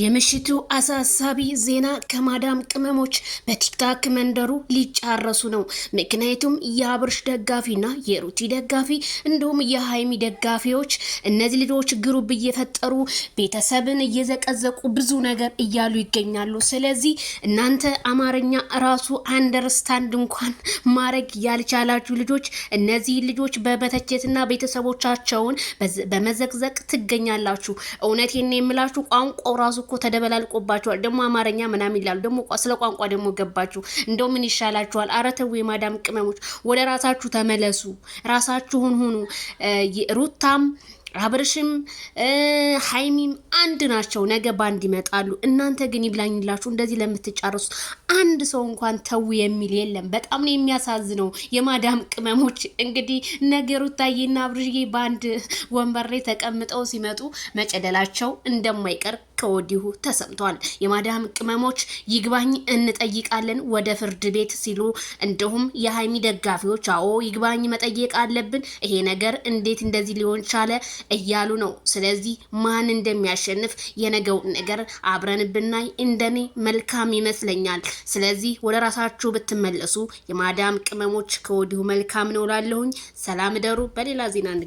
የምሽቱ አሳሳቢ ዜና ከማዳም ቅመሞች በቲክታክ መንደሩ ሊጫረሱ ነው። ምክንያቱም የአብርሽ ደጋፊና የሩቲ ደጋፊ እንዲሁም የሀይሚ ደጋፊዎች እነዚህ ልጆች ግሩብ እየፈጠሩ ቤተሰብን እየዘቀዘቁ ብዙ ነገር እያሉ ይገኛሉ። ስለዚህ እናንተ አማርኛ ራሱ አንደርስታንድ እንኳን ማድረግ ያልቻላችሁ ልጆች እነዚህ ልጆች በመተቸትና ቤተሰቦቻቸውን በመዘቅዘቅ ትገኛላችሁ። እውነቴን የምላችሁ ቋንቋው ራሱ እኮ ተደበላልቆባችኋል። ደግሞ አማርኛ ምናምን ይላሉ። ደግሞ ስለ ቋንቋ ደግሞ ገባችሁ። እንደው ምን ይሻላችኋል? አረ ተው የማዳም ቅመሞች፣ ወደ ራሳችሁ ተመለሱ። ራሳችሁን ሁኑ። ሩታም አብርሽም ሀይሚም አንድ ናቸው። ነገ ባንድ ይመጣሉ። እናንተ ግን ይብላኝላችሁ እንደዚህ ለምትጫረሱት አንድ ሰው እንኳን ተው የሚል የለም። በጣም ነው የሚያሳዝነው። የማዳም ቅመሞች እንግዲህ ነገሩ ታዬና አብርሽዬ በአንድ ወንበር ላይ ተቀምጠው ሲመጡ መጨደላቸው እንደማይቀር ከወዲሁ ተሰምቷል። የማዳም ቅመሞች ይግባኝ እንጠይቃለን ወደ ፍርድ ቤት ሲሉ፣ እንዲሁም የሀይሚ ደጋፊዎች አዎ ይግባኝ መጠየቅ አለብን፣ ይሄ ነገር እንዴት እንደዚህ ሊሆን ቻለ እያሉ ነው። ስለዚህ ማን እንደሚያሸንፍ የነገውን ነገር አብረን ብናይ እንደኔ መልካም ይመስለኛል። ስለዚህ ወደ ራሳችሁ ብትመለሱ የማዳም ቅመሞች ከወዲሁ መልካም ነው ላለሁኝ። ሰላም ደሩ። በሌላ ዜና